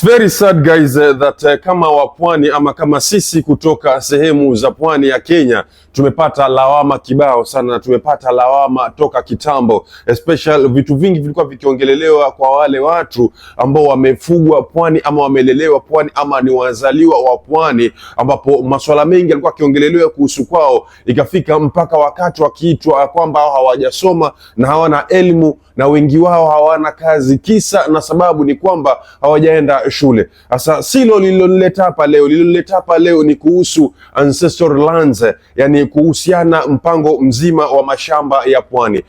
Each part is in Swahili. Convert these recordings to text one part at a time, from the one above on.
It's very sad guys eh, that uh, kama wapwani ama kama sisi kutoka sehemu za pwani ya Kenya tumepata lawama kibao sana, na tumepata lawama toka kitambo, especially vitu vingi vilikuwa vikiongelelewa kwa wale watu ambao wamefugwa pwani ama wamelelewa pwani ama ni wazaliwa wa pwani, ambapo masuala mengi yalikuwa akiongelelewa kuhusu kwao, ikafika mpaka wakati wakiitwa kwamba hawajasoma na hawana elimu na wengi wao hawana kazi. Kisa na sababu ni kwamba hawajaenda shule. Sasa silo lililonileta hapa leo, lililonileta hapa leo ni kuhusu ancestor lands, yani kuhusiana mpango mzima wa mashamba ya pwani.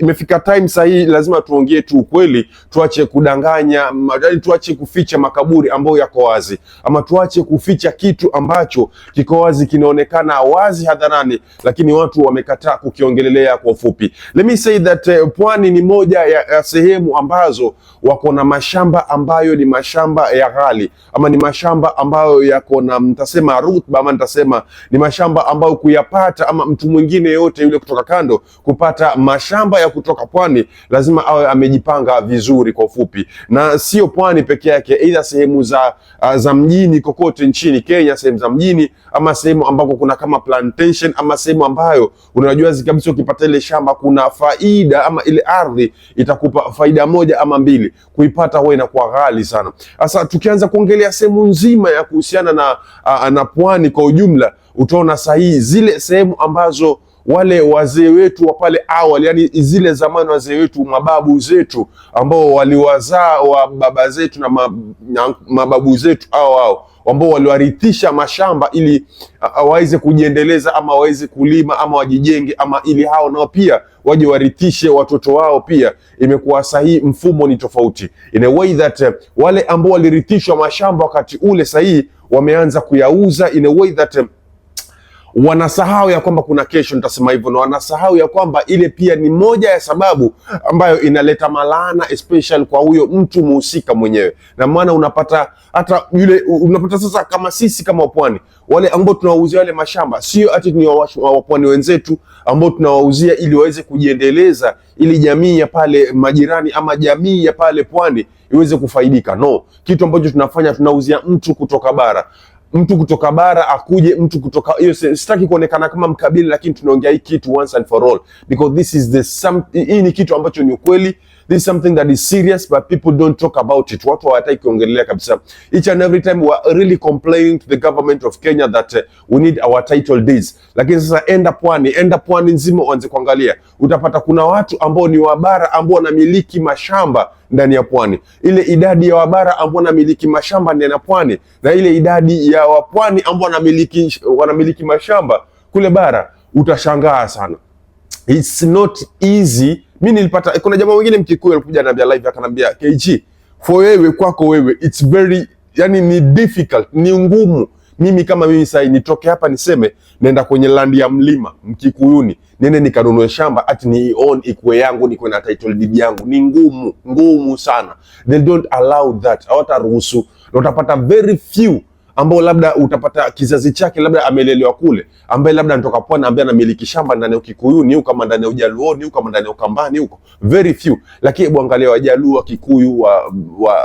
Imefika time sahihi, lazima tuongee tu ukweli, tuache kudanganya, yani tuache kuficha makaburi ambayo yako wazi, ama tuache kuficha kitu ambacho kiko wazi, kinaonekana wazi hadharani, lakini watu wamekataa kukiongelelea kwa ufupi. Let me say that uh, pwani ni moja moja ya, ya sehemu ambazo wako na mashamba ambayo ni mashamba ya ghali ama ni mashamba ambayo yako na mtasema rutba ama nitasema ni mashamba ambayo kuyapata ama mtu mwingine yote yule kutoka kando kupata mashamba ya kutoka pwani lazima awe amejipanga vizuri, kwa ufupi, na sio pwani peke yake, aidha sehemu za, za mjini kokote nchini Kenya, sehemu za mjini ama sehemu ambako kuna kama plantation ama sehemu ambayo unajua kabisa ukipata ile shamba kuna faida ama ile ardhi itakupa faida moja ama mbili, kuipata huwa inakuwa ghali sana. Sasa tukianza kuongelea sehemu nzima ya kuhusiana na, na pwani kwa ujumla, utaona sahihi zile sehemu ambazo wale wazee wetu wa pale awali, yani zile zamani, wazee wetu mababu zetu ambao waliwazaa wa baba zetu na mababu zetu hao hao ambao waliwarithisha mashamba ili waweze kujiendeleza ama waweze kulima ama wajijenge ama ili hao nao pia waje warithishe watoto wao pia. Imekuwa sahihi, mfumo ni tofauti in a way that eh, wale ambao walirithishwa mashamba wakati ule sahihi wameanza kuyauza in a way that eh, wanasahau ya kwamba kuna kesho, nitasema hivyo, na wanasahau ya kwamba ile pia ni moja ya sababu ambayo inaleta malaana especially kwa huyo mtu muhusika mwenyewe, na maana unapata hata yule unapata sasa, kama sisi kama wapwani wale ambao tunawauzia wale mashamba, sio ati ni wapwani wenzetu ambao tunawauzia ili waweze kujiendeleza, ili jamii ya pale majirani ama jamii ya pale pwani iweze kufaidika. No, kitu ambacho tunafanya tunauzia mtu kutoka bara mtu kutoka bara akuje, mtu kutoka hiyo. Sitaki kuonekana kama mkabili, lakini tunaongea hii kitu once and for all because this is the some, hii ni kitu ambacho ni ukweli This is something that is serious but people don't talk about it. Watu hawataki kuongelea kabisa. Each and every time we are really complaining to the government of Kenya that uh, we need our title deeds. Lakini sasa enda pwani, enda pwani nzima uanze kuangalia. Utapata kuna watu ambao ni wabara ambao wanamiliki mashamba ndani ya pwani. Ile idadi ya wabara ambao wanamiliki mashamba ndani ya pwani na ile idadi ya wapwani ambao wanamiliki wanamiliki mashamba kule bara utashangaa sana. It's not easy mi nilipata eh, kuna jamaa mwingine mkikuyu alikuja ananiambia live akanambia KG, for wewe kwako wewe it's very yani ni difficult, ni ngumu mimi kama mimi sasa nitoke hapa niseme naenda kwenye landi ya mlima Mkikuyuni nene nikanunue shamba ati ni own ikuwe yangu nikuwe na title deed yangu, ni ngumu ngumu sana. They don't allow that, hawataruhusu na utapata very few ambao labda utapata kizazi chake labda amelelewa kule, ambaye labda anatoka pwani, ambaye anamiliki shamba ndani ya Kikuyuni huko kama ndani ya Ujaluoni huko kama ndani ya Ukambani huko, very few. Lakini hebu angalia Wajaluo, Wakikuyu, wa, wa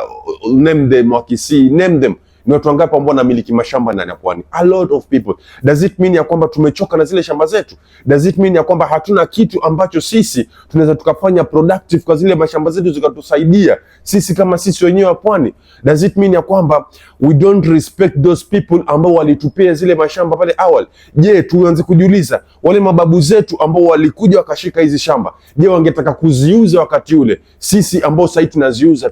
name them, Wakisii name them ni watu wangapi ambao wanamiliki mashamba ndani ya pwani? A lot of people. Does it mean ya kwamba tumechoka na zile shamba zetu? Does it mean ya kwamba hatuna kitu ambacho sisi tunaweza tukafanya productive kwa zile mashamba zetu zikatusaidia sisi kama sisi wenyewe wa pwani? Does it mean ya kwamba we don't respect those people ambao walitupia zile mashamba pale awali? Je, tuanze kujiuliza wale mababu zetu ambao walikuja wakashika hizi shamba, je, wangetaka kuziuza wakati ule? Sisi ambao sasa tunaziuza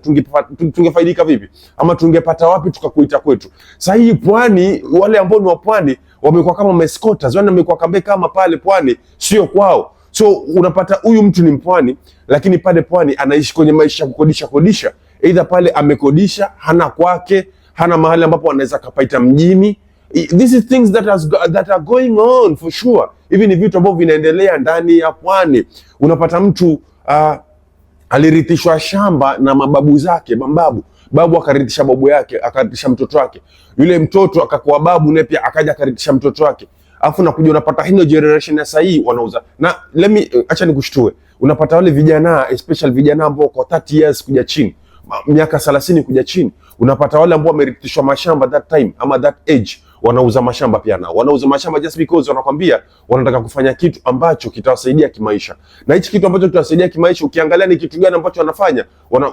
tungefaidika vipi? Ama tungepata wapi tukakuita kwetu. Sasa hii pwani, wale ambao ni wa pwani wamekuwa kama mascotas, yani wamekuwa kambe kama pale pwani sio kwao. So unapata huyu mtu ni mpwani, lakini pale pwani anaishi kwenye maisha ya kukodisha kodisha, aidha pale amekodisha, hana kwake, hana mahali ambapo anaweza kapaita mjini. This is things that, has, that are going on for sure. Hivi ni vitu ambavyo vinaendelea ndani ya pwani. Unapata mtu uh, alirithishwa shamba na mababu zake, mababu babu akaritisha babu yake, akaritisha mtoto wake, yule mtoto akakuwa babu naye pia akaja akaritisha mtoto wake, afu nakuja unapata hino generation ya sahii wanauza na let me, eh, acha nikushtue, unapata wale vijana especially vijana ambao kwa 30 years kuja chini miaka 30 kuja chini, unapata wale ambao wamerithishwa mashamba that time ama that age wanauza mashamba pia nao wanauza mashamba just because wanakwambia wanataka kufanya kitu ambacho kitawasaidia kimaisha. Na hichi kitu ambacho kitawasaidia kimaisha, ukiangalia ni kitu gani ambacho wanafanya,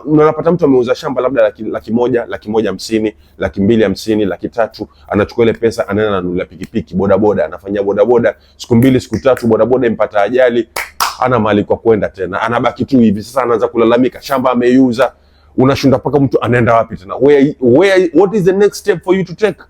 unapata mtu ameuza shamba labda laki, laki moja laki moja hamsini laki mbili hamsini laki tatu anachukua ile pesa anaenda ananunulia pikipiki bodaboda, anafanya bodaboda siku mbili siku tatu, bodaboda impata ajali, ana mali kwa kwenda tena, anabaki tu hivi. Sasa anaanza kulalamika shamba ameiuza, unashinda mpaka mtu anaenda wapi tena? Where, where, what is the next step for you to take?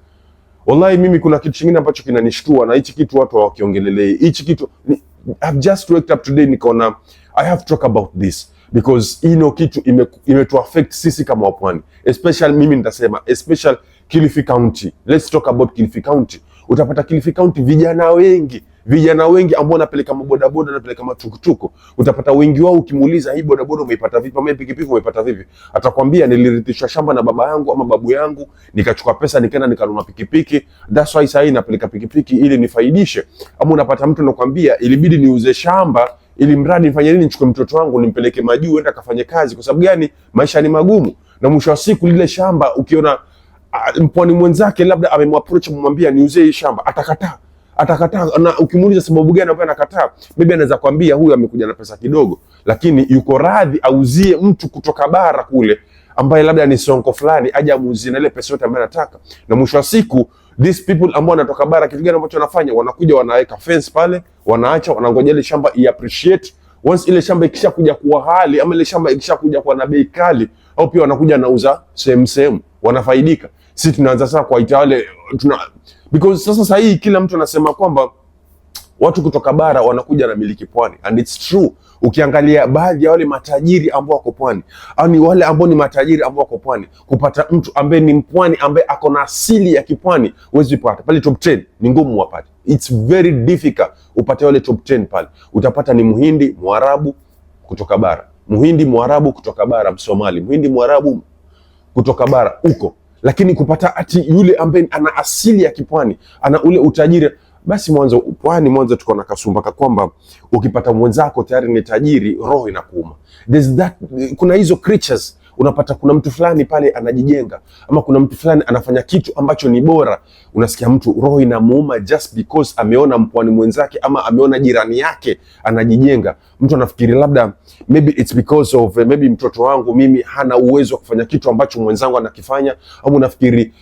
Wallahi mimi kuna kitu kingine ambacho kinanishtua na hichi kitu watu hawakiongelelei. Hichi kitu ni, I've just waked up today nikaona I have to talk about this because hii ndio kitu imetu affect sisi kama wapwani. Especially mimi nitasema especially Kilifi County. Let's talk about Kilifi County. Utapata Kilifi County vijana wengi Vijana wengi ambao wanapeleka mabodaboda wanapeleka matukutuku, utapata wengi wao ukimuuliza, hii bodaboda umeipata vipi ama pikipiki umeipata vipi, atakwambia nilirithishwa shamba na baba yangu ama babu yangu, nikachukua pesa nikaenda nikanunua pikipiki, that's why sasa hii napeleka pikipiki ili nifaidishe. Ama unapata mtu anakuambia ilibidi niuze shamba ili mradi nifanye nini? Nichukue mtoto wangu nimpeleke majuu, enda akafanye kazi. Kwa sababu gani? Maisha ni magumu, na mwisho wa siku lile shamba ukiona ah, mpwani mwenzake labda amemwaproach, amemwambia niuzie hii shamba, atakataa atakataa, na ukimuuliza sababu gani ambayo anakataa, bibi anaweza kwambia huyu amekuja na pesa kidogo, lakini yuko radhi auzie mtu kutoka bara kule ambaye labda ni sonko fulani aje amuuzie na ile pesa yote ambayo anataka, na mwisho wa siku these people ambao wanatoka bara, kitu gani ambacho wanafanya? Wanakuja wanaweka fence pale, wanaacha, wanangoja ile shamba iappreciate Once ile shamba ikishakuja kuwa hali ama ile shamba ikishakuja kuwa na bei kali, au pia wanakuja nauza sehemu sehemu, wanafaidika. Sisi tunaanza sasa kuwaita wale tuna because sasa sasa hii kila mtu anasema kwamba watu kutoka bara wanakuja na miliki pwani and it's true. Ukiangalia baadhi ya wale matajiri ambao wako pwani, au ni wale ambao ni matajiri ambao wako pwani, kupata mtu ambaye ni mpwani ambaye ako na asili ya kipwani huwezi pata pale. Top 10 ni ngumu wapate, it's very difficult upate wale top 10 pale. Utapata ni Muhindi Mwarabu kutoka bara, Muhindi Mwarabu kutoka bara, Msomali Muhindi Mwarabu kutoka bara huko lakini kupata ati yule ambaye ana asili ya kipwani ana ule utajiri basi mwanzo pwani mwanzo tuko na kasumbaka kwamba ukipata mwenzako tayari ni tajiri roho inakuuma. There's that, kuna hizo creatures unapata kuna mtu fulani pale anajijenga, ama kuna mtu fulani anafanya kitu ambacho ni bora. Unasikia mtu roho inamuuma just because ameona mpwani mwenzake ama ameona jirani yake anajijenga. Mtu anafikiri labda maybe it's because of eh, maybe mtoto wangu mimi hana uwezo wa kufanya kitu ambacho mwenzangu anakifanya, au unafikiri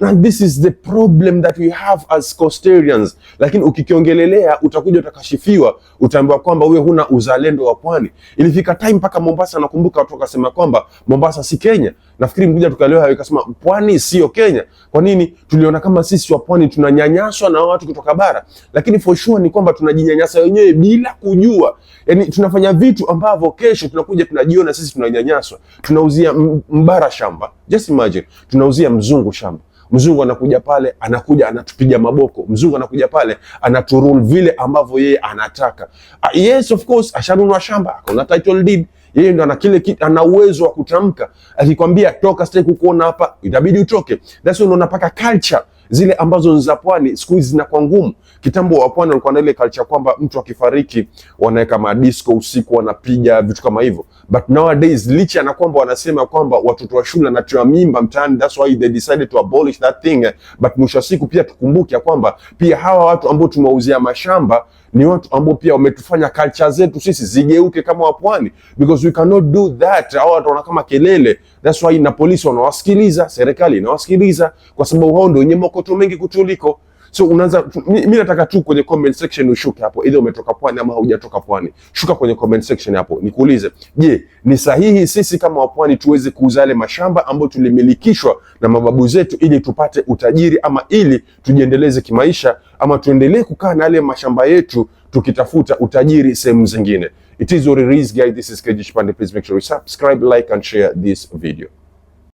and this is the problem that we have as Coastarians. Lakini ukikiongelelea utakuja utakashifiwa, utaambiwa kwamba wewe huna uzalendo wa pwani. Ilifika time mpaka Mombasa, nakumbuka watu wakasema kwamba Mombasa si Kenya? Nafikiri mkuja tukaelewa hayo, ikasema pwani sio Kenya. Kwa nini tuliona kama sisi wa pwani tunanyanyaswa na watu kutoka bara? Lakini for sure ni kwamba tunajinyanyasa wenyewe bila kujua, yani tunafanya vitu ambavyo kesho tunakuja tunajiona sisi tunanyanyaswa. Tunauzia mbara shamba, just imagine, tunauzia mzungu shamba Mzungu anakuja pale, anakuja anatupiga maboko. Mzungu anakuja pale, anaturul vile ambavyo yeye anataka. Ah, yes, of course, ashanunua shamba, akona title deed yeye ndo ana kile, ana uwezo wa kutamka. Akikwambia toka, sitaki kukuona hapa, itabidi utoke. That's why unaona paka culture zile ambazo za pwani siku hizi zinakuwa ngumu. Kitambo wa pwani walikuwa na ile culture kwamba mtu akifariki wanaweka madisco usiku, wanapiga vitu kama hivyo, but nowadays licha na kwamba wanasema kwamba watoto wa shule wanatoa mimba mtaani, that's why they decided to abolish that thing, but mwisho wa siku pia tukumbuke kwamba pia hawa watu ambao tumewauzia mashamba ni watu ambao pia wametufanya culture zetu sisi zigeuke kama wapwani, because we cannot do that. Hao watu wana kama kelele, that's why na polisi wanawasikiliza, serikali inawasikiliza, kwa sababu hao ndio wenye mokoto mengi kutuliko. So unaanza mimi nataka tu kwenye comment section ushuke hapo, either umetoka pwani ama haujatoka pwani. Shuka kwenye comment section hapo nikuulize, je, ni sahihi sisi kama wapwani tuweze kuuza yale mashamba ambayo tulimilikishwa na mababu zetu ili tupate utajiri ama ili tujiendeleze kimaisha ama tuendelee kukaa na yale mashamba yetu tukitafuta utajiri sehemu zingine? It is your release guys. This is KG Please make sure you subscribe, like and share this video.